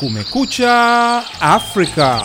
Kumekucha Afrika.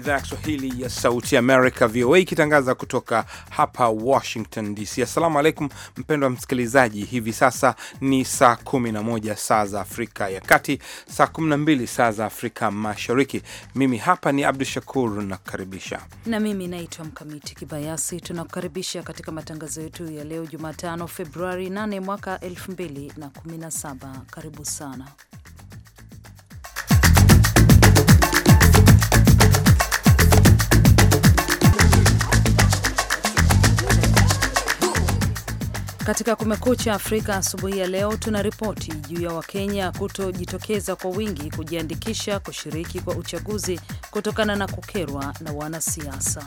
idhaa ya Kiswahili ya Sauti Amerika, VOA, ikitangaza kutoka hapa Washington DC. Assalamu alaikum, mpendwa msikilizaji. Hivi sasa ni saa 11 saa za Afrika ya Kati, saa 12 saa za Afrika Mashariki. Mimi hapa ni Abdu Shakur nakukaribisha, na mimi naitwa Mkamiti Kibayasi. Tunakukaribisha katika matangazo yetu ya leo Jumatano, Februari 8 mwaka 2017. Karibu sana Katika Kumekucha Afrika asubuhi ya leo, tuna ripoti juu ya Wakenya kutojitokeza kwa wingi kujiandikisha kushiriki kwa uchaguzi kutokana na kukerwa na wanasiasa.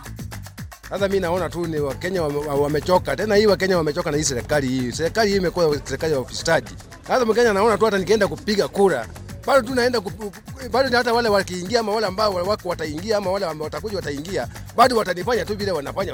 Sasa mi naona tu ni Wakenya wamechoka wa tena, hii Wakenya wamechoka na hii serikali hii. Serikali hii imekuwa serikali ya ufisadi. Sasa Mkenya naona tu hata nikienda kupiga kura bado tu naenda bado, hata wale wakiingia ama wale ambao wako wataingia ama wale ambao watakuja wataingia, bado watanifanya tu vile wanafanya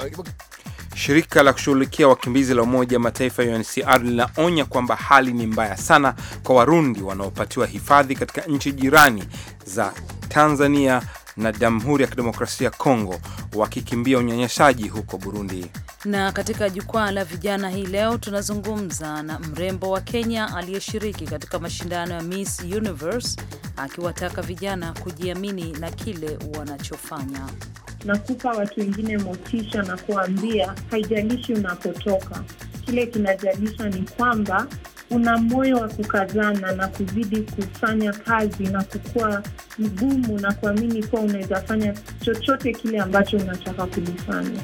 Shirika la kushughulikia wakimbizi la Umoja wa Mataifa UNHCR linaonya kwamba hali ni mbaya sana kwa Warundi wanaopatiwa hifadhi katika nchi jirani za Tanzania na Jamhuri ya Kidemokrasia ya Kongo wakikimbia unyanyasaji huko Burundi. Na katika jukwaa la vijana hii leo tunazungumza na mrembo wa Kenya aliyeshiriki katika mashindano ya Miss Universe akiwataka vijana kujiamini na kile wanachofanya na kupa watu wengine motisha na kuambia haijalishi unapotoka, kile kinajalisha ni kwamba una moyo wa kukazana na kuzidi kufanya kazi na kukuwa mgumu na kuamini kuwa unaweza fanya chochote kile ambacho unataka kulifanya.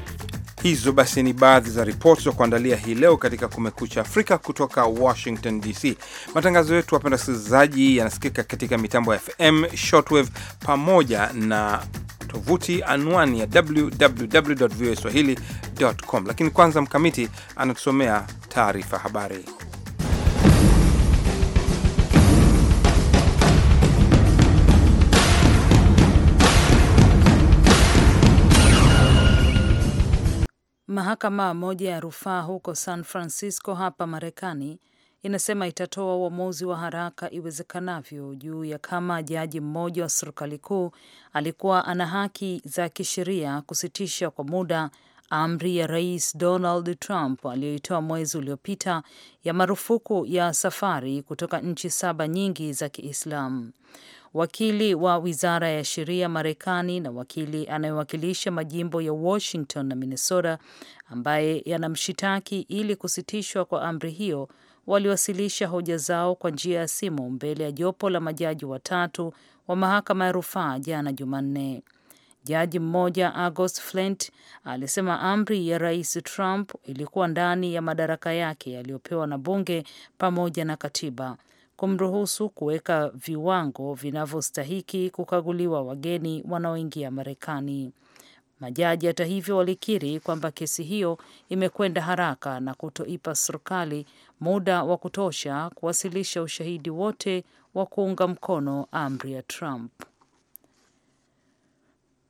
Hizo basi ni baadhi za ripoti za kuandalia hii leo katika Kumekucha Afrika kutoka Washington DC. Matangazo yetu, wapenda wasikilizaji, yanasikika katika mitambo ya FM, shortwave pamoja na tovuti anwani ya www voa swahili.com. Lakini kwanza Mkamiti anatusomea taarifa habari. Mahakama moja ya rufaa huko San Francisco hapa Marekani inasema itatoa uamuzi wa haraka iwezekanavyo juu ya kama jaji mmoja wa serikali kuu alikuwa ana haki za kisheria kusitisha kwa muda amri ya Rais Donald Trump aliyoitoa mwezi uliopita ya marufuku ya safari kutoka nchi saba nyingi za Kiislamu. Wakili wa wizara ya sheria Marekani na wakili anayewakilisha majimbo ya Washington na Minnesota ambaye yanamshitaki ili kusitishwa kwa amri hiyo waliwasilisha hoja zao kwa njia ya simu mbele ya jopo la majaji watatu wa mahakama ya rufaa jana Jumanne. Jaji mmoja August Flint alisema amri ya Rais Trump ilikuwa ndani ya madaraka yake yaliyopewa na bunge pamoja na katiba kumruhusu kuweka viwango vinavyostahiki kukaguliwa wageni wanaoingia Marekani. Majaji hata hivyo walikiri kwamba kesi hiyo imekwenda haraka na kutoipa serikali muda wa kutosha kuwasilisha ushahidi wote wa kuunga mkono amri ya Trump.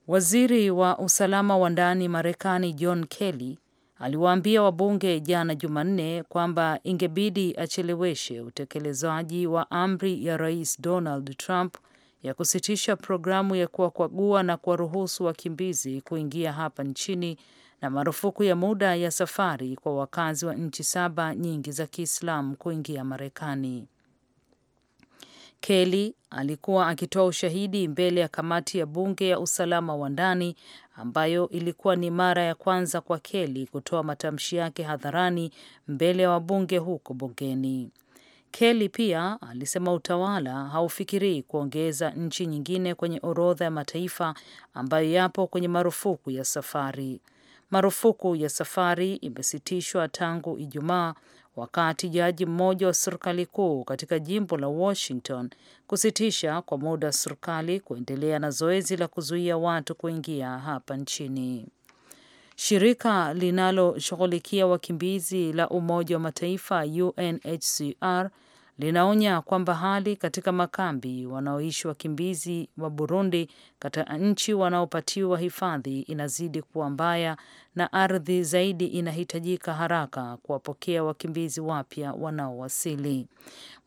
Waziri wa usalama wa ndani Marekani John Kelly aliwaambia wabunge jana Jumanne kwamba ingebidi acheleweshe utekelezaji wa amri ya Rais Donald Trump ya kusitisha programu ya kuwakwagua na kuwaruhusu wakimbizi kuingia hapa nchini na marufuku ya muda ya safari kwa wakazi wa nchi saba nyingi za Kiislamu kuingia Marekani. Kelly alikuwa akitoa ushahidi mbele ya kamati ya bunge ya usalama wa ndani ambayo ilikuwa ni mara ya kwanza kwa Kelly kutoa matamshi yake hadharani mbele ya wabunge huko bungeni. Kelly pia alisema utawala haufikirii kuongeza nchi nyingine kwenye orodha ya mataifa ambayo yapo kwenye marufuku ya safari. Marufuku ya safari imesitishwa tangu Ijumaa wakati jaji mmoja wa serikali kuu katika jimbo la Washington kusitisha kwa muda serikali kuendelea na zoezi la kuzuia watu kuingia hapa nchini. Shirika linaloshughulikia wakimbizi la Umoja wa Mataifa UNHCR linaonya kwamba hali katika makambi wanaoishi wakimbizi wa Burundi katika nchi wanaopatiwa hifadhi inazidi kuwa mbaya na ardhi zaidi inahitajika haraka kuwapokea wakimbizi wapya wanaowasili.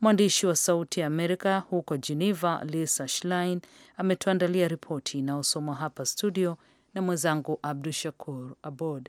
Mwandishi wa Sauti ya Amerika huko Geneva, Lisa Schlein, ametuandalia ripoti inayosomwa hapa studio na mwenzangu Abdu Shakur Abod.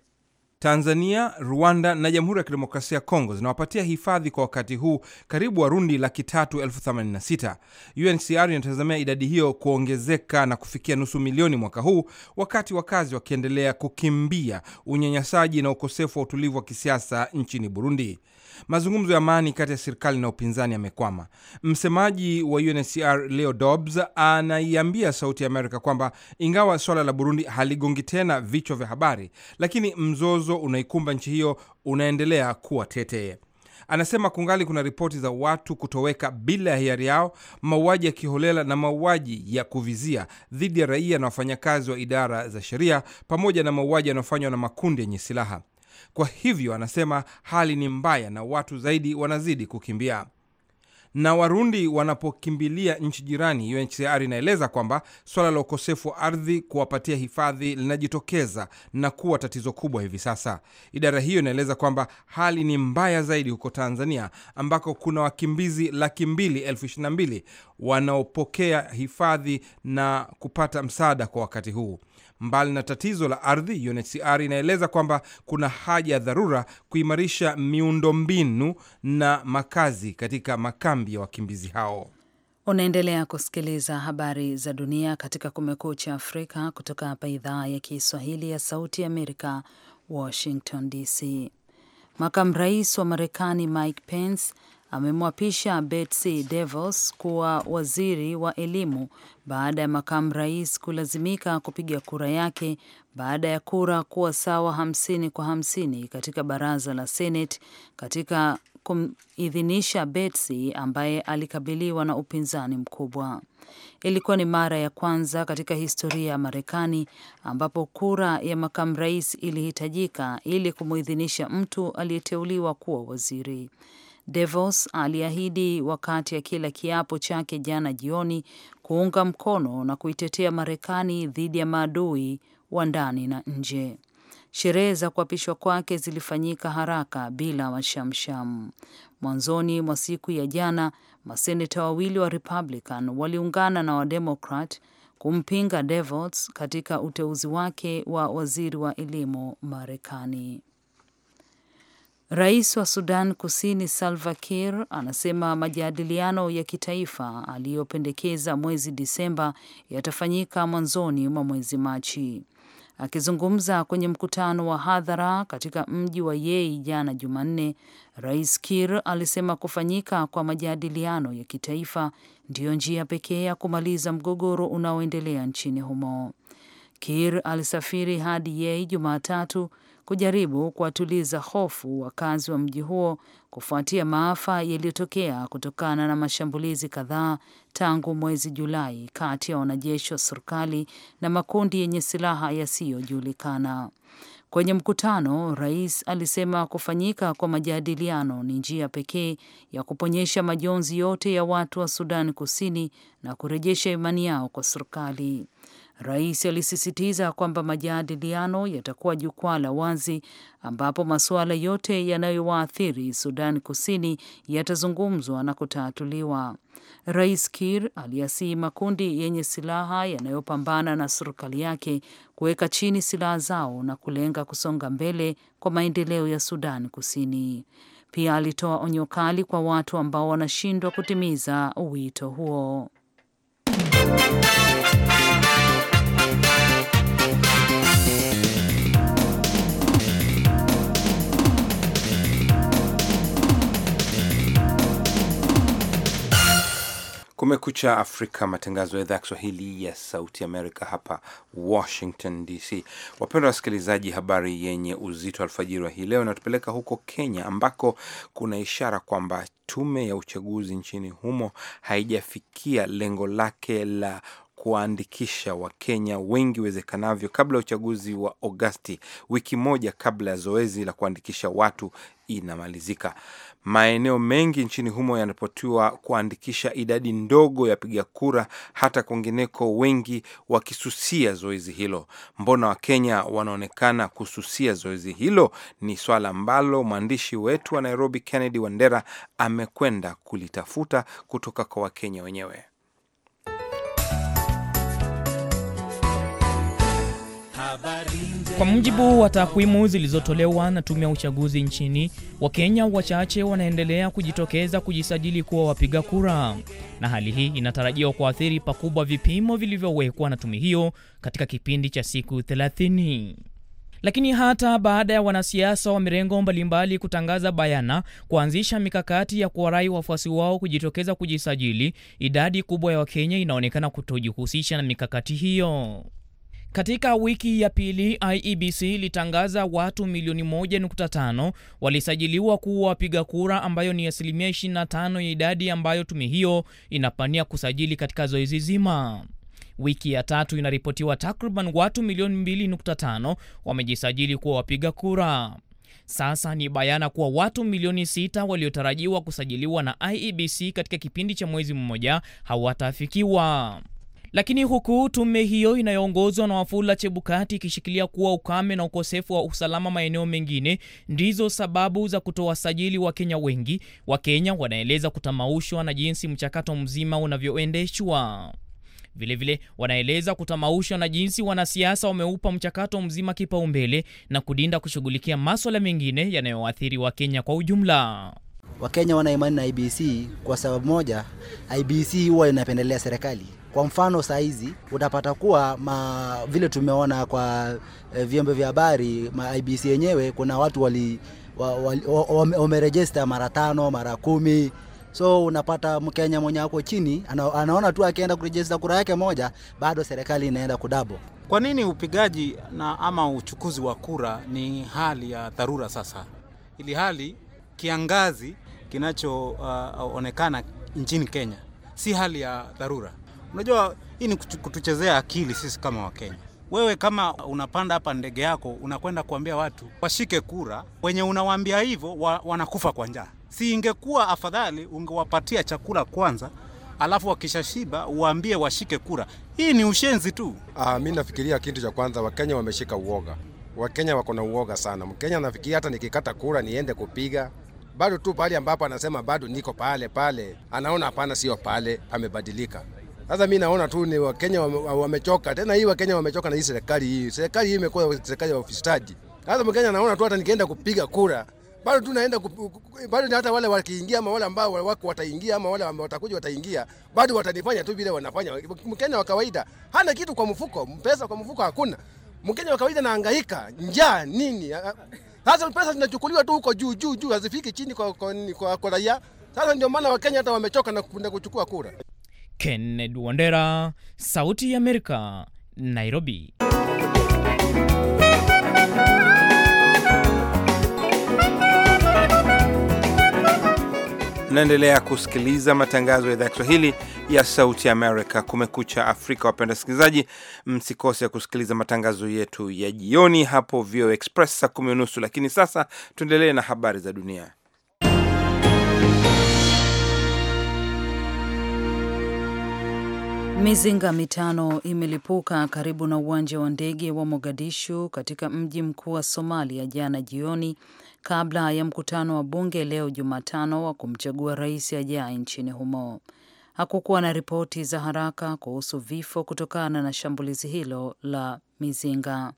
Tanzania, Rwanda na Jamhuri ya Kidemokrasia ya Kongo zinawapatia hifadhi kwa wakati huu karibu Warundi laki tatu elfu themanini na sita. UNHCR inatazamia idadi hiyo kuongezeka na kufikia nusu milioni mwaka huu, wakati wakazi wakiendelea kukimbia unyanyasaji na ukosefu wa utulivu wa kisiasa nchini Burundi mazungumzo ya amani kati ya serikali na upinzani yamekwama. Msemaji wa UNHCR Leo Dobbs anaiambia Sauti ya Amerika kwamba ingawa swala la Burundi haligongi tena vichwa vya habari, lakini mzozo unaikumba nchi hiyo unaendelea kuwa tete. Anasema kungali kuna ripoti za watu kutoweka bila ya hiari yao, mauaji ya kiholela na mauaji ya kuvizia dhidi ya raia na wafanyakazi wa idara za sheria, pamoja na mauaji yanayofanywa na makundi yenye silaha. Kwa hivyo anasema hali ni mbaya na watu zaidi wanazidi kukimbia na Warundi wanapokimbilia nchi jirani, UNHCR inaeleza kwamba swala la ukosefu wa ardhi kuwapatia hifadhi linajitokeza na kuwa tatizo kubwa hivi sasa. Idara hiyo inaeleza kwamba hali ni mbaya zaidi huko Tanzania, ambako kuna wakimbizi laki mbili elfu ishirini na mbili wanaopokea hifadhi na kupata msaada kwa wakati huu. Mbali na tatizo la ardhi, UNHCR inaeleza kwamba kuna haja ya dharura kuimarisha miundombinu na makazi katika makambi ya wakimbizi hao. Unaendelea kusikiliza habari za dunia katika Kumekucha Afrika kutoka hapa idhaa ya Kiswahili ya Sauti ya Amerika, Washington DC. Makamu rais wa Marekani Mike Pence amemwapisha Betsy DeVos kuwa waziri wa elimu baada ya makamu rais kulazimika kupiga kura yake baada ya kura kuwa sawa hamsini kwa hamsini katika baraza la Senate katika kumidhinisha Betsy ambaye alikabiliwa na upinzani mkubwa. Ilikuwa ni mara ya kwanza katika historia ya Marekani ambapo kura ya makamu rais ilihitajika ili kumwidhinisha mtu aliyeteuliwa kuwa waziri. DeVos aliahidi wakati kila kiapo chake jana jioni kuunga mkono na kuitetea Marekani dhidi ya maadui wa ndani na nje. Sherehe za kuapishwa kwake zilifanyika haraka bila washamsham. Mwanzoni mwa siku ya jana, maseneta wawili wa Republican waliungana na Wademokrat kumpinga DeVos katika uteuzi wake wa waziri wa elimu Marekani. Rais wa Sudan Kusini Salva Kiir anasema majadiliano ya kitaifa aliyopendekeza mwezi Disemba yatafanyika mwanzoni mwa mwezi Machi. Akizungumza kwenye mkutano wa hadhara katika mji wa Yei jana Jumanne, Rais Kiir alisema kufanyika kwa majadiliano ya kitaifa ndiyo njia pekee ya kumaliza mgogoro unaoendelea nchini humo. Kiir alisafiri hadi Yei Jumatatu kujaribu kuwatuliza hofu wakazi wa mji huo kufuatia maafa yaliyotokea kutokana na mashambulizi kadhaa tangu mwezi Julai kati ya wanajeshi wa serikali na makundi yenye silaha yasiyojulikana. Kwenye mkutano, rais alisema kufanyika kwa majadiliano ni njia pekee ya kuponyesha majonzi yote ya watu wa Sudan Kusini na kurejesha imani yao kwa serikali. Rais alisisitiza kwamba majadiliano yatakuwa jukwaa la wazi ambapo masuala yote yanayowaathiri Sudan Kusini yatazungumzwa na kutatuliwa. Rais kir aliasihi makundi yenye silaha yanayopambana na serikali yake kuweka chini silaha zao na kulenga kusonga mbele kwa maendeleo ya Sudan Kusini. Pia alitoa onyo kali kwa watu ambao wanashindwa kutimiza wito huo. Kumekucha Afrika, matangazo ya idhaa ya Kiswahili ya Sauti Amerika hapa Washington DC. Wapendwa wasikilizaji, habari yenye uzito alfajiri wa hii leo inatupeleka huko Kenya, ambako kuna ishara kwamba tume ya uchaguzi nchini humo haijafikia lengo lake la kuwaandikisha Wakenya wengi iwezekanavyo kabla ya uchaguzi wa Agosti, wiki moja kabla ya zoezi la kuandikisha watu inamalizika. Maeneo mengi nchini humo yanaripotiwa kuandikisha idadi ndogo ya piga kura, hata kwingineko, wengi wakisusia zoezi hilo. Mbona Wakenya wanaonekana kususia zoezi hilo? Ni swala ambalo mwandishi wetu wa Nairobi, Kennedy Wandera, amekwenda kulitafuta kutoka kwa Wakenya wenyewe. Kwa mujibu wa takwimu zilizotolewa na tume ya uchaguzi nchini, Wakenya wachache wanaendelea kujitokeza kujisajili kuwa wapiga kura, na hali hii inatarajiwa kuathiri pakubwa vipimo vilivyowekwa na tume hiyo katika kipindi cha siku 30. Lakini hata baada ya wanasiasa wa mirengo mbalimbali kutangaza bayana kuanzisha mikakati ya kuwarai wafuasi wao kujitokeza kujisajili, idadi kubwa ya Wakenya inaonekana kutojihusisha na mikakati hiyo. Katika wiki ya pili IEBC ilitangaza watu milioni 1.5 walisajiliwa kuwa wapiga kura, ambayo ni asilimia 25 ya idadi ambayo tume hiyo inapania kusajili katika zoezi zima. Wiki ya tatu inaripotiwa takriban watu milioni 2.5 wamejisajili kuwa wapiga kura. Sasa ni bayana kuwa watu milioni sita waliotarajiwa kusajiliwa na IEBC katika kipindi cha mwezi mmoja hawatafikiwa. Lakini huku tume hiyo inayoongozwa na Wafula Chebukati ikishikilia kuwa ukame na ukosefu wa usalama maeneo mengine ndizo sababu za kutowasajili Wakenya wengi, Wakenya wanaeleza kutamaushwa na jinsi mchakato mzima unavyoendeshwa. Vilevile wanaeleza kutamaushwa na jinsi wanasiasa wameupa mchakato mzima kipaumbele na kudinda kushughulikia maswala mengine yanayoathiri Wakenya kwa ujumla. Wakenya wana imani na IBC kwa sababu moja, IBC huwa inapendelea serikali. Kwa mfano saa hizi utapata kuwa ma, vile tumeona kwa e, vyombo vya habari ma IBC yenyewe kuna watu wali wamerejista wa, wa, wa, mara tano mara kumi so unapata Mkenya mwenye ako chini ana, anaona tu akienda kurejista kura yake moja bado serikali inaenda kudabo. Kwa nini upigaji na ama uchukuzi wa kura ni hali ya dharura sasa, ili hali kiangazi kinachoonekana uh, nchini Kenya si hali ya dharura. Unajua, hii ni kutuchezea akili sisi kama Wakenya. Wewe kama unapanda hapa ndege yako unakwenda kuambia watu washike kura, wenye unawaambia hivyo wa, wanakufa kwa njaa. Si ingekuwa afadhali ungewapatia chakula kwanza, alafu wakishashiba uwambie washike kura? Hii ni ushenzi tu. Ah, mi nafikiria kitu cha kwanza, Wakenya wameshika uoga. Wakenya wako na uoga sana. Mkenya anafikiria hata nikikata kura niende kupiga bado tu pale ambapo anasema bado niko pale pale, anaona hapana, sio pale, amebadilika. Sasa mi naona tu ni Wakenya wamechoka tena, hii Wakenya wamechoka na hii serikali hii. Serikali hii imekuwa serikali ya ufisadi. Sasa Mkenya anaona tu hata nikienda kupiga kura bado tu naenda bado, hata wale wakiingia ama wale ambao wako wataingia ama wale ambao watakuja wataingia, bado watanifanya tu vile wanafanya. Mkenya wa kawaida hana kitu kwa mfuko, pesa kwa mfuko hakuna. Mkenya wa kawaida anahangaika njaa nini sasa pesa zinachukuliwa tu huko juu juu juu, hazifiki chini kwa, kwa, kwa, kwa raia. Sasa ndio maana Wakenya hata wamechoka na kupenda kuchukua kura. Kennedy Wandera, Sauti ya Amerika, Nairobi. Mnaendelea kusikiliza matangazo ya idhaa ya Kiswahili ya Sauti Amerika, Kumekucha Afrika. Wapenda wasikilizaji, msikose kusikiliza matangazo yetu ya jioni hapo VOA Express saa kumi unusu. Lakini sasa tuendelee na habari za dunia. Mizinga mitano imelipuka karibu na uwanja wa ndege wa Mogadishu katika mji mkuu wa Somalia jana jioni, kabla ya mkutano wa bunge leo Jumatano wa kumchagua rais ajaye nchini humo. Hakukuwa na ripoti za haraka kuhusu vifo kutokana na shambulizi hilo la mizinga.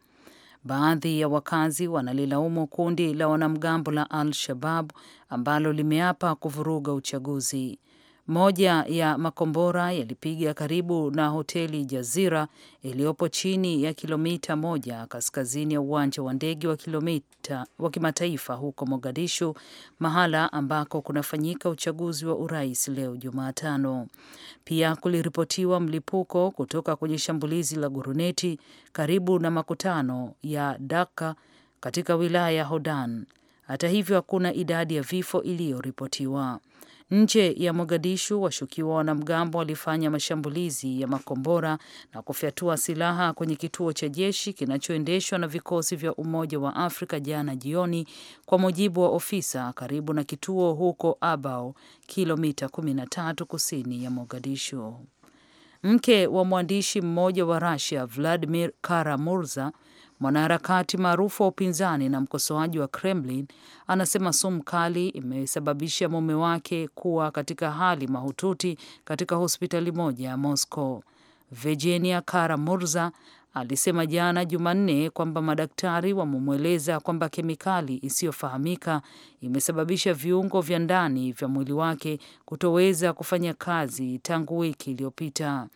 Baadhi ya wakazi wanalilaumu kundi la wanamgambo la Al Shabab ambalo limeapa kuvuruga uchaguzi. Moja ya makombora yalipiga karibu na hoteli Jazira iliyopo chini ya kilomita moja kaskazini ya uwanja wa ndege wa kilomita wa kimataifa huko Mogadishu, mahala ambako kunafanyika uchaguzi wa urais leo Jumatano. Pia kuliripotiwa mlipuko kutoka kwenye shambulizi la guruneti karibu na makutano ya Daka katika wilaya ya Hodan. Hata hivyo, hakuna idadi ya vifo iliyoripotiwa. Nje ya Mogadishu, washukiwa wanamgambo walifanya mashambulizi ya makombora na kufyatua silaha kwenye kituo cha jeshi kinachoendeshwa na vikosi vya Umoja wa Afrika jana jioni, kwa mujibu wa ofisa karibu na kituo huko Abau, kilomita 13 kusini ya Mogadishu. Mke wa mwandishi mmoja wa Rusia, Vladimir Kara-Murza Mwanaharakati maarufu wa upinzani na mkosoaji wa Kremlin anasema sumu kali imesababisha mume wake kuwa katika hali mahututi katika hospitali moja ya Moscow. Virginia kara murza alisema jana Jumanne kwamba madaktari wamemweleza kwamba kemikali isiyofahamika imesababisha viungo vya ndani vya mwili wake kutoweza kufanya kazi tangu wiki iliyopita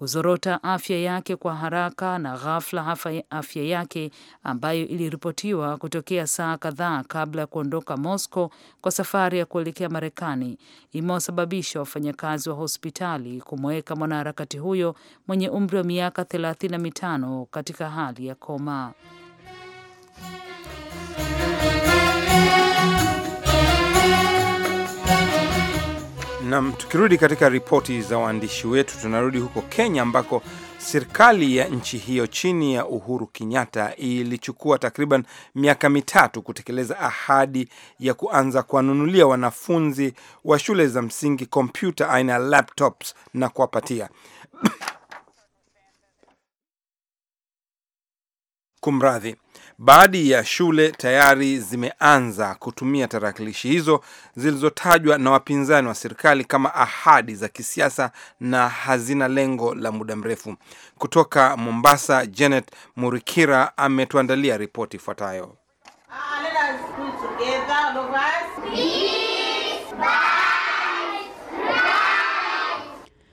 kuzorota afya yake kwa haraka na ghafla afya yake ambayo iliripotiwa kutokea saa kadhaa kabla ya kuondoka Moscow kwa safari ya kuelekea Marekani imewasababisha wafanyakazi wa hospitali kumweka mwanaharakati huyo mwenye umri wa miaka 35 katika hali ya koma. Nam, tukirudi katika ripoti za waandishi wetu, tunarudi huko Kenya ambako serikali ya nchi hiyo chini ya Uhuru Kenyatta ilichukua takriban miaka mitatu kutekeleza ahadi ya kuanza kuwanunulia wanafunzi wa shule za msingi kompyuta aina ya laptops na kuwapatia kumradhi Baadhi ya shule tayari zimeanza kutumia tarakilishi hizo zilizotajwa na wapinzani wa serikali kama ahadi za kisiasa na hazina lengo la muda mrefu. Kutoka Mombasa, Janet Murikira ametuandalia ripoti ifuatayo.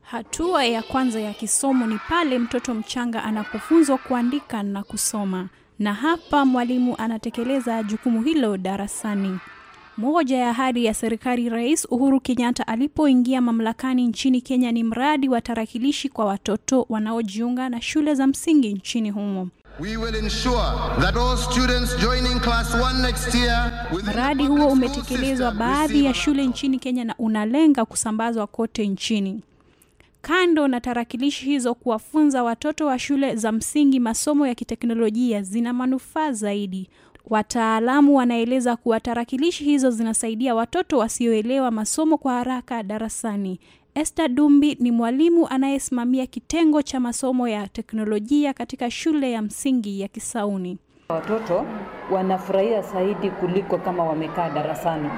Hatua ya kwanza ya kisomo ni pale mtoto mchanga anapofunzwa kuandika na kusoma na hapa mwalimu anatekeleza jukumu hilo darasani. Moja ya ahadi ya serikali Rais Uhuru Kenyatta alipoingia mamlakani nchini Kenya ni mradi wa tarakilishi kwa watoto wanaojiunga na shule za msingi nchini humo. Mradi huo umetekelezwa baadhi ya shule nchini Kenya na unalenga kusambazwa kote nchini. Kando na tarakilishi hizo, kuwafunza watoto wa shule za msingi masomo ya kiteknolojia zina manufaa zaidi. Wataalamu wanaeleza kuwa tarakilishi hizo zinasaidia watoto wasioelewa masomo kwa haraka darasani. este Dumbi ni mwalimu anayesimamia kitengo cha masomo ya teknolojia katika shule ya msingi ya Kisauni. Watoto wanafurahia zaidi kuliko kama wamekaa darasani.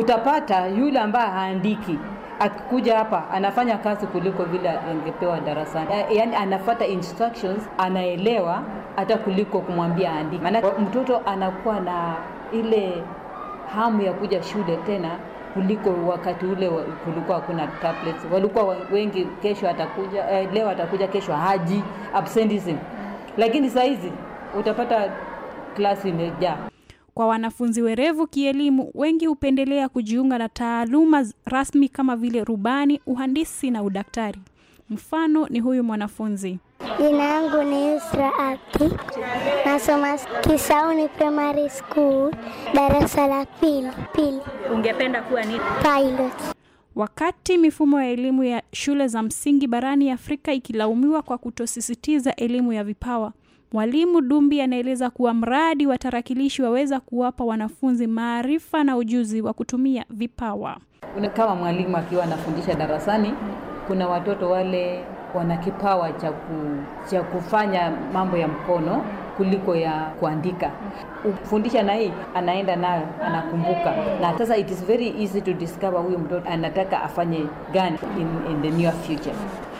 Utapata yule ambaye haandiki akikuja hapa anafanya kazi kuliko vile angepewa darasani, eh, yaani anafata instructions, anaelewa hata kuliko kumwambia andika. Maana mtoto anakuwa na ile hamu ya kuja shule tena kuliko wakati ule kulikuwa hakuna tablets. Walikuwa wengi, kesho atakuja eh, leo atakuja, kesho haji, absenteeism. Lakini saa hizi utapata klasi imejaa. Kwa wanafunzi werevu kielimu, wengi hupendelea kujiunga na taaluma rasmi kama vile rubani, uhandisi na udaktari. Mfano ni huyu mwanafunzi. Jina yangu ni Isra Abdi, nasoma Kisauni Primary School, darasa la pili pili. Ungependa kuwa nini? Pilot. Wakati mifumo ya elimu ya shule za msingi barani Afrika ikilaumiwa kwa kutosisitiza elimu ya vipawa Mwalimu Dumbi anaeleza kuwa mradi wa tarakilishi waweza kuwapa wanafunzi maarifa na ujuzi wa kutumia vipawa. Kama mwalimu akiwa anafundisha darasani, kuna watoto wale wana kipawa cha kufanya mambo ya mkono kuliko ya kuandika. Ufundisha na hii anaenda nayo, anakumbuka. Na sasa it is very easy to discover huyu mtoto anataka afanye gani in, in the near future.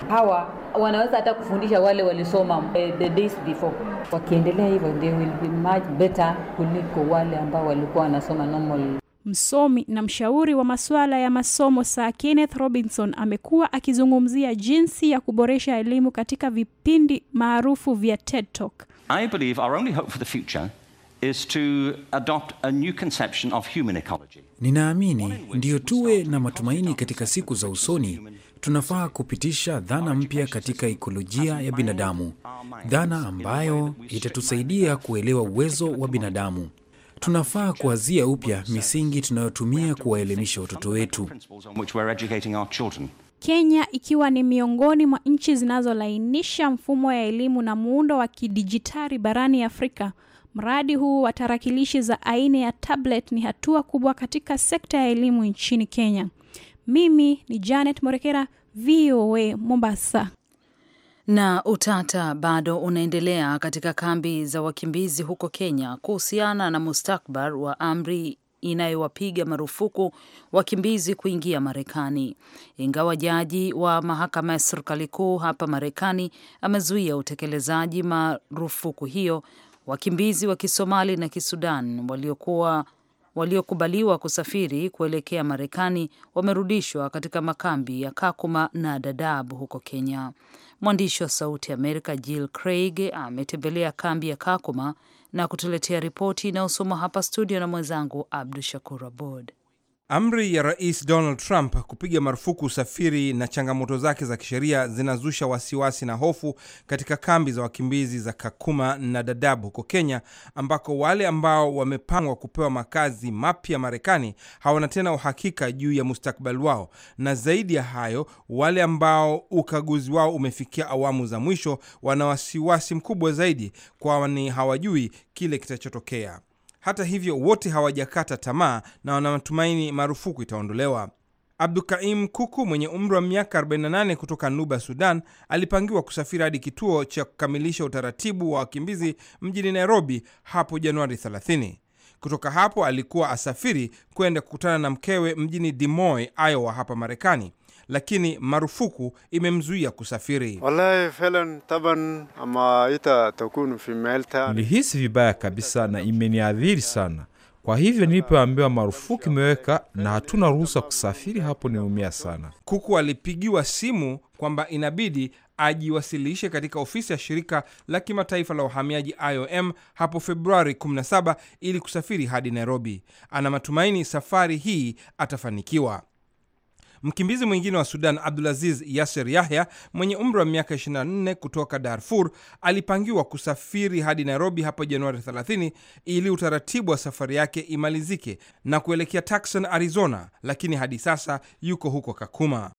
Hawa wanaweza hata kufundisha wale walisoma uh, the days before. Wakiendelea hivyo, they will be much better kuliko wale ambao walikuwa wanasoma normal Msomi na mshauri wa masuala ya masomo Sir Kenneth Robinson amekuwa akizungumzia jinsi ya kuboresha elimu katika vipindi maarufu vya TED Talk. I believe our only hope for the future is to adopt a new conception of human ecology. Ninaamini ndiyo tuwe na matumaini katika siku za usoni, tunafaa kupitisha dhana mpya katika ekolojia ya binadamu, dhana ambayo itatusaidia kuelewa uwezo wa binadamu. Tunafaa kuazia upya misingi tunayotumia kuwaelimisha watoto wetu. Kenya ikiwa ni miongoni mwa nchi zinazolainisha mfumo ya elimu na muundo wa kidijitali barani Afrika. Mradi huu wa tarakilishi za aina ya tablet ni hatua kubwa katika sekta ya elimu nchini Kenya. Mimi ni Janet Morekera, VOA Mombasa. Na utata bado unaendelea katika kambi za wakimbizi huko Kenya kuhusiana na mustakbar wa amri inayowapiga marufuku wakimbizi kuingia Marekani, ingawa jaji wa mahakama ya serikali kuu hapa Marekani amezuia utekelezaji marufuku hiyo. Wakimbizi wa Kisomali na Kisudan waliokuwa waliokubaliwa kusafiri kuelekea Marekani wamerudishwa katika makambi ya Kakuma na Dadaab huko Kenya. Mwandishi wa Sauti ya Amerika Jill Craig ametembelea kambi ya Kakuma na kutuletea ripoti inayosomwa hapa studio na mwenzangu Abdu Shakur Abod. Amri ya Rais Donald Trump kupiga marufuku usafiri na changamoto zake za kisheria zinazusha wasiwasi na hofu katika kambi za wakimbizi za Kakuma na Dadaab huko Kenya, ambako wale ambao wamepangwa kupewa makazi mapya Marekani hawana tena uhakika juu ya mustakbali wao, na zaidi ya hayo, wale ambao ukaguzi wao umefikia awamu za mwisho wana wasiwasi mkubwa zaidi, kwani hawajui kile kitachotokea. Hata hivyo, wote hawajakata tamaa na wana matumaini marufuku itaondolewa. Abdukaim Kuku mwenye umri wa miaka 48 kutoka Nuba, Sudan, alipangiwa kusafiri hadi kituo cha kukamilisha utaratibu wa wakimbizi mjini Nairobi hapo Januari 30. Kutoka hapo alikuwa asafiri kwenda kukutana na mkewe mjini Des Moines, Iowa, hapa Marekani lakini marufuku imemzuia kusafiri. Nilihisi vibaya kabisa na imeniadhiri sana. Kwa hivyo nilipoambiwa marufuku imeweka na hatuna ruhusa kusafiri, hapo niumia sana. Kuku alipigiwa simu kwamba inabidi ajiwasilishe katika ofisi ya shirika la kimataifa la uhamiaji IOM hapo Februari 17 ili kusafiri hadi Nairobi. Ana matumaini safari hii atafanikiwa. Mkimbizi mwingine wa Sudan, Abdulaziz Yasser Yahya mwenye umri wa miaka 24 kutoka Darfur alipangiwa kusafiri hadi Nairobi hapo Januari 30 ili utaratibu wa safari yake imalizike na kuelekea Tucson, Arizona, lakini hadi sasa yuko huko Kakuma.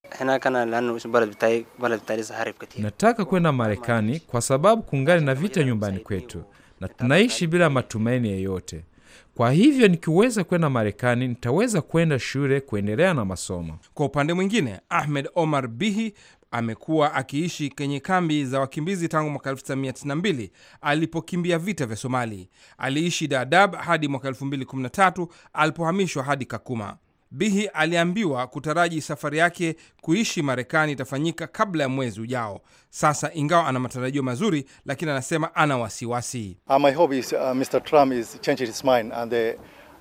Nataka kwenda Marekani kwa sababu kungali na vita nyumbani kwetu na tunaishi bila matumaini yeyote. Kwa hivyo nikiweza kwenda Marekani nitaweza kwenda shule kuendelea na masomo. Kwa upande mwingine, Ahmed Omar Bihi amekuwa akiishi kwenye kambi za wakimbizi tangu mwaka 1992 alipokimbia vita vya Somali. Aliishi Dadab hadi 213 alipohamishwa hadi Kakuma. Bihi aliambiwa kutaraji safari yake kuishi Marekani itafanyika kabla ya mwezi ujao. Sasa ingawa ana matarajio mazuri, lakini anasema ana wasiwasi. Uh, uh,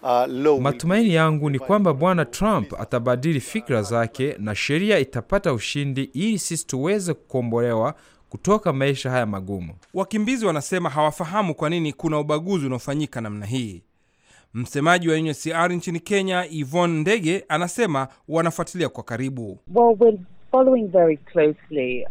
uh, uh matumaini yangu ni kwamba Bwana Trump atabadili fikra zake na sheria itapata ushindi ili sisi tuweze kukombolewa kutoka maisha haya magumu. Wakimbizi wanasema hawafahamu kwa nini kuna ubaguzi unaofanyika namna hii. Msemaji wa UNHCR nchini Kenya, Yvonne Ndege, anasema wanafuatilia kwa karibu. Well, we're following very closely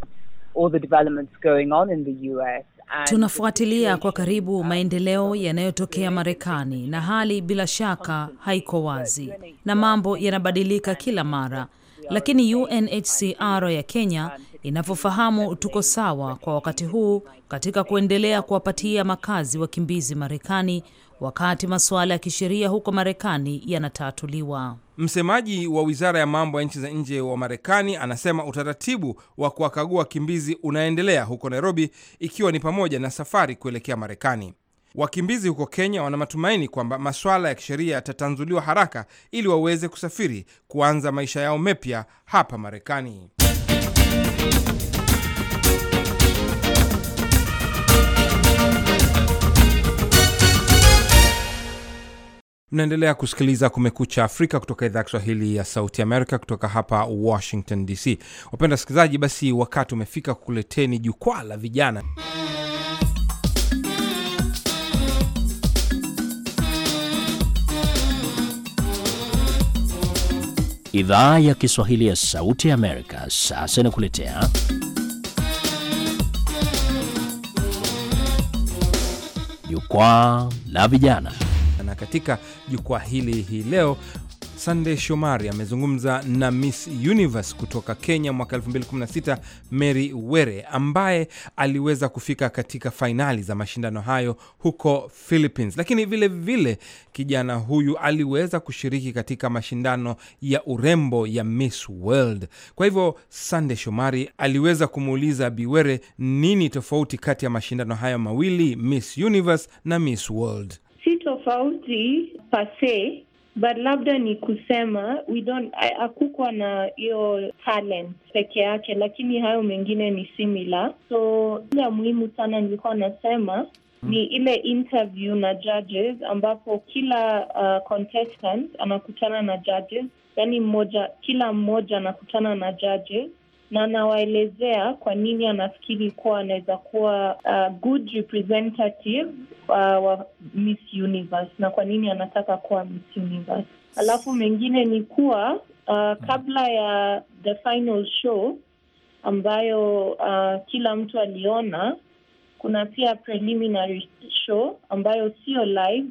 all the developments going on in the US. Tunafuatilia kwa karibu maendeleo yanayotokea Marekani, na hali bila shaka haiko wazi na mambo yanabadilika kila mara, lakini UNHCR ya Kenya inavyofahamu tuko sawa kwa wakati huu katika kuendelea kuwapatia makazi wakimbizi Marekani wakati masuala ya kisheria huko Marekani yanatatuliwa. Msemaji wa wizara ya mambo ya nchi za nje wa Marekani anasema utaratibu wa kuwakagua wakimbizi unaendelea huko Nairobi, ikiwa ni pamoja na safari kuelekea Marekani. Wakimbizi huko Kenya wana matumaini kwamba masuala ya kisheria yatatanzuliwa haraka ili waweze kusafiri kuanza maisha yao mepya hapa Marekani naendelea kusikiliza Kumekucha Afrika kutoka idhaa Kiswahili ya Sauti Amerika, kutoka hapa Washington DC. Wapenda wasikilizaji, basi wakati umefika kukuleteni jukwaa la vijana Idhaa ya Kiswahili ya Sauti ya Amerika sasa inakuletea Jukwaa la Vijana, na katika jukwaa hili hii leo sandey Shomari amezungumza na Miss Universe kutoka Kenya mwaka 2016 Mary Were ambaye aliweza kufika katika fainali za mashindano hayo huko Philippines, lakini vile vile kijana huyu aliweza kushiriki katika mashindano ya urembo ya Miss World. Kwa hivyo sandey Shomari aliweza kumuuliza Biwere nini tofauti kati ya mashindano hayo mawili, Miss Universe na Miss World? Si tofauti pase but labda ni kusema we don't na hiyo talent peke yake, lakini hayo mengine ni similar. So ya muhimu sana nilikuwa nasema hmm. ni ile interview na judges ambapo kila uh, contestant anakutana na judges, yani mmoja, kila mmoja anakutana na judges na anawaelezea kwa nini anafikiri kuwa anaweza kuwa uh, good representative uh, wa Miss Universe na kwa nini anataka kuwa Miss Universe. Alafu mengine ni kuwa uh, kabla ya the final show ambayo uh, kila mtu aliona, kuna pia preliminary show ambayo sio live,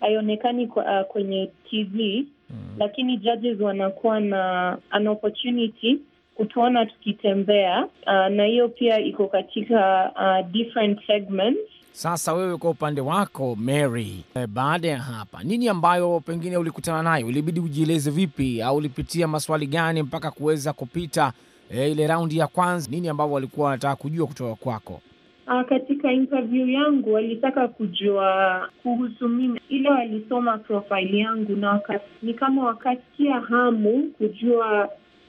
haionekani uh, kwenye TV mm. Lakini judges wanakuwa na an opportunity kutuona tukitembea uh, na hiyo pia iko katika uh, different segments. Sasa wewe kwa upande wako Mary, eh, baada ya hapa nini ambayo pengine ulikutana nayo, ulibidi ujieleze vipi au ulipitia maswali gani mpaka kuweza kupita eh, ile raundi ya kwanza? Nini ambavyo walikuwa wanataka kujua kutoka kwako? Uh, katika interview yangu walitaka kujua kuhusu mimi, ile walisoma profile yangu na wakati, ni kama wakasikia hamu kujua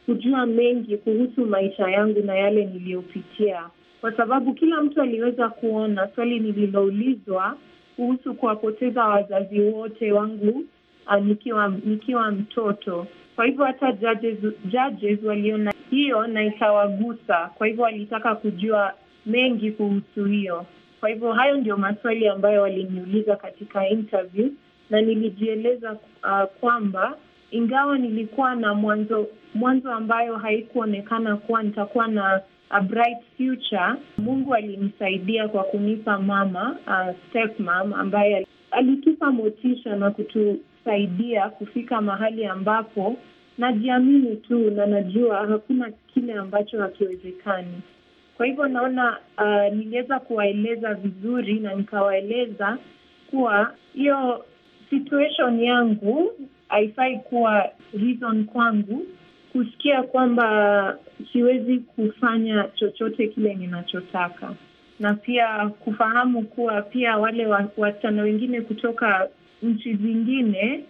kujua mengi kuhusu maisha yangu na yale niliyopitia, kwa sababu kila mtu aliweza kuona swali nililoulizwa kuhusu kuwapoteza wazazi wote wangu ah, nikiwa nikiwa mtoto. Kwa hivyo hata judges, judges waliona hiyo na ikawagusa, kwa hivyo walitaka kujua mengi kuhusu hiyo. Kwa hivyo hayo ndio maswali ambayo waliniuliza katika interview, na nilijieleza uh, kwamba ingawa nilikuwa na mwanzo mwanzo ambayo haikuonekana kuwa nitakuwa na a bright future. Mungu alimsaidia kwa kunipa mama uh, step mom ambaye alitupa motisha na kutusaidia kufika mahali ambapo najiamini tu na najua hakuna kile ambacho hakiwezekani. Kwa hivyo naona uh, niliweza kuwaeleza vizuri na nikawaeleza kuwa hiyo situation yangu haifai kuwa reason kwangu kusikia kwamba siwezi kufanya chochote kile ninachotaka, na pia kufahamu kuwa pia wale wasichana wengine kutoka nchi zingine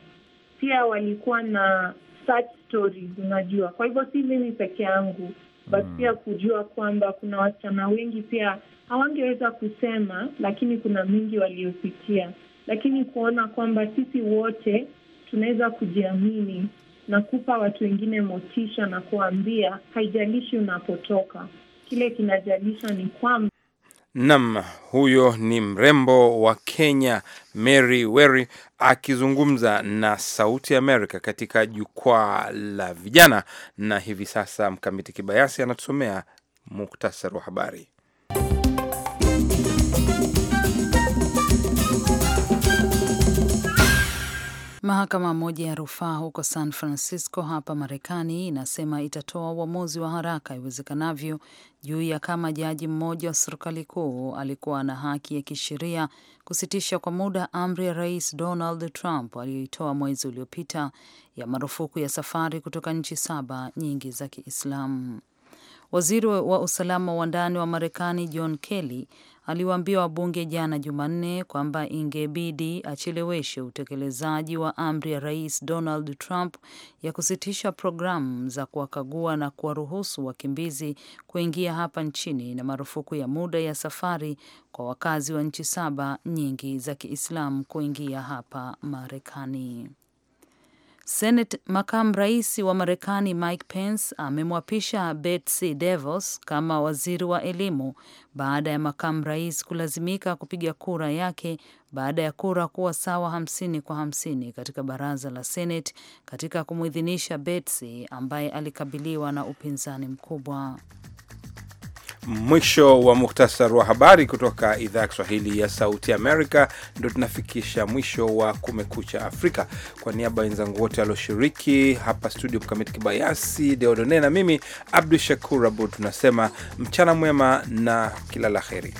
pia walikuwa na such stories, unajua. Kwa hivyo si mimi peke yangu, but mm. pia kujua kwamba kuna wasichana wengi pia hawangeweza kusema, lakini kuna mingi waliopitia, lakini kuona kwamba sisi wote tunaweza kujiamini na kupa watu wengine motisha na kuambia haijalishi unapotoka, kile kinajalisha ni kwamba Nam, huyo ni mrembo wa Kenya Mary Wery akizungumza na Sauti Amerika katika jukwaa la vijana. Na hivi sasa Mkamiti Kibayasi anatusomea muktasari wa habari. Mahakama moja ya rufaa huko San Francisco hapa Marekani inasema itatoa uamuzi wa haraka iwezekanavyo juu ya kama jaji mmoja wa serikali kuu alikuwa na haki ya kisheria kusitisha kwa muda amri ya Rais Donald Trump aliyoitoa mwezi uliopita ya marufuku ya safari kutoka nchi saba nyingi za Kiislamu. Waziri wa usalama wa ndani wa Marekani John Kelly aliwaambia wabunge jana Jumanne kwamba ingebidi acheleweshe utekelezaji wa amri ya Rais Donald Trump ya kusitisha programu za kuwakagua na kuwaruhusu wakimbizi kuingia hapa nchini na marufuku ya muda ya safari kwa wakazi wa nchi saba nyingi za Kiislamu kuingia hapa Marekani. Senate, makamu rais wa Marekani Mike Pence amemwapisha Betsy DeVos kama waziri wa elimu baada ya makamu rais kulazimika kupiga kura yake baada ya kura kuwa sawa hamsini kwa hamsini katika baraza la Senate katika kumwidhinisha Betsy ambaye alikabiliwa na upinzani mkubwa. Mwisho wa muhtasari wa habari kutoka idhaa ya Kiswahili ya Sauti Amerika. Ndio tunafikisha mwisho wa Kumekucha Afrika. Kwa niaba ya wenzangu wote walioshiriki hapa studio, Mkamiti Kibayasi, Deodone na mimi Abdu Shakur Abud, tunasema mchana mwema na kila la heri.